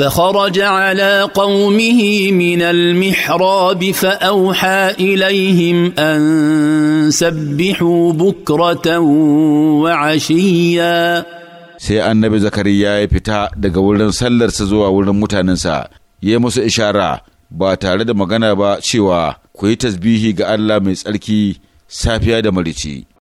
فخرج على قومه من المحراب فاوحى اليهم ان سبحوا بكره وعشيا sai annabi zakariya ya fita daga wurin sallarsa zuwa wurin mutanensa ya musu ishara ba tare da magana ba cewa ku yi tasbihi ga Allah mai tsarki safiya da marici